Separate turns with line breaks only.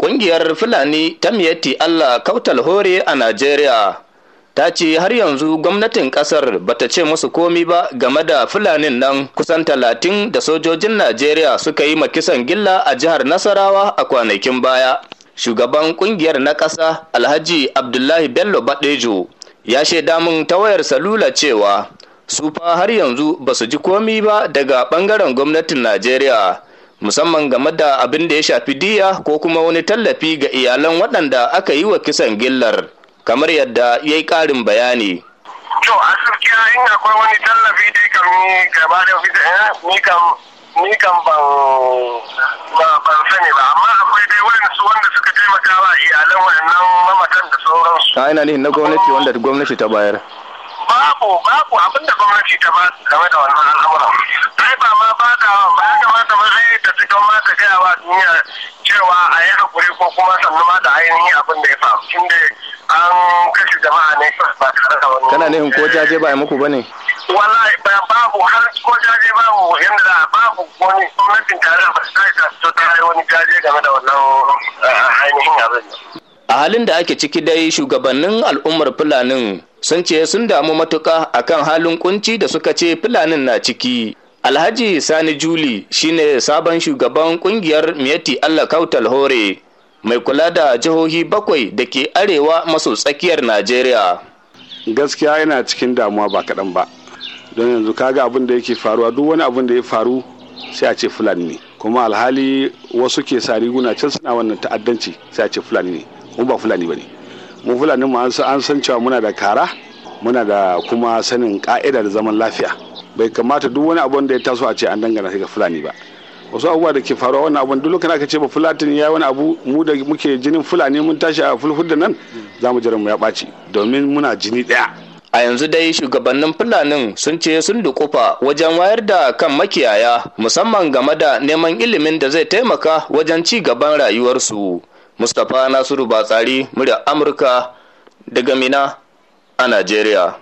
Ƙungiyar Fulani ta miyatti Allah kautal hore a Najeriya ta ce har yanzu gwamnatin ƙasar bata ce musu komi ba game da Fulanin nan kusan talatin da sojojin Najeriya suka yi makisan gilla a jihar Nasarawa a kwanakin baya. Shugaban ƙungiyar na ƙasa Alhaji Abdullahi Bello Badejo ya shaida min ta wayar salula cewa su fa har yanzu ba su ji komi ba daga ɓangaren gwamnatin Najeriya. musamman game da abin da ya shafi diya ko kuma wani tallafi ga iyalan waɗanda aka yi wa kisan gillar kamar yadda ya yi ƙarin bayani. To a gaskiya in akwai wani tallafi dai kan eh, ni gaba da fita ni kan ni kan ban
ban sani ba amma akwai dai waɗansu wanda suka taimaka wa iyalan waɗannan mamatan da sauransu.
A ina ne na gwamnati wanda gwamnati ta
bayar. Babu babu abinda gwamnati ta ba game da wannan al'amuran. Ai ba ma ta tafi don ka gaya wa duniya cewa a yi haƙuri ko kuma sannu ma da ainihin abin da ya faru tun da an kashe jama'a ne ba tare da wani. Kana nufin ko jaje ba a muku ba ne? Wallahi ba babu har ko jaje ba mu yadda da babu wani gwamnatin tare da sai ta fito ta yi wani jaje game da wannan eh, ainihin abin.
A halin da ake ciki dai shugabannin al'ummar Fulanin sun ce sun damu matuƙa akan halin kunci da suka ce Fulanin na ciki. Alhaji Sani Juli shine sabon shugaban kungiyar miyati Allah Kautal Hore mai kula da jihohi bakwai da ke arewa maso tsakiyar Najeriya.
Gaskiya yana cikin damuwa ba kaɗan ba. Don yanzu kaga abin da yake faruwa duk wani abin da ya faru sai a ce Fulani ne. Kuma alhali wasu ke sa riguna can suna wannan ta'addanci sai a ce Fulani ne. Mu ba Fulani ba ne. Mu Fulani mu an san cewa muna da kara muna da kuma sanin ka'idar zaman lafiya bai kamata duk wani abun da ya taso a ce an dangana ga fulani ba wasu abubuwa da ke faruwa wannan abun duk lokacin aka ce ba fulatin ya wani abu mu da muke jinin fulani mun tashi a fulfulda nan za mu mu ya ɓaci domin muna jini ɗaya
a yanzu dai shugabannin fulanin sun ce sun dukufa wajen wayar da kan makiyaya musamman game da neman ilimin da zai taimaka wajen ci gaban rayuwarsu mustapha nasiru batsari murya amurka daga mina a Najeriya.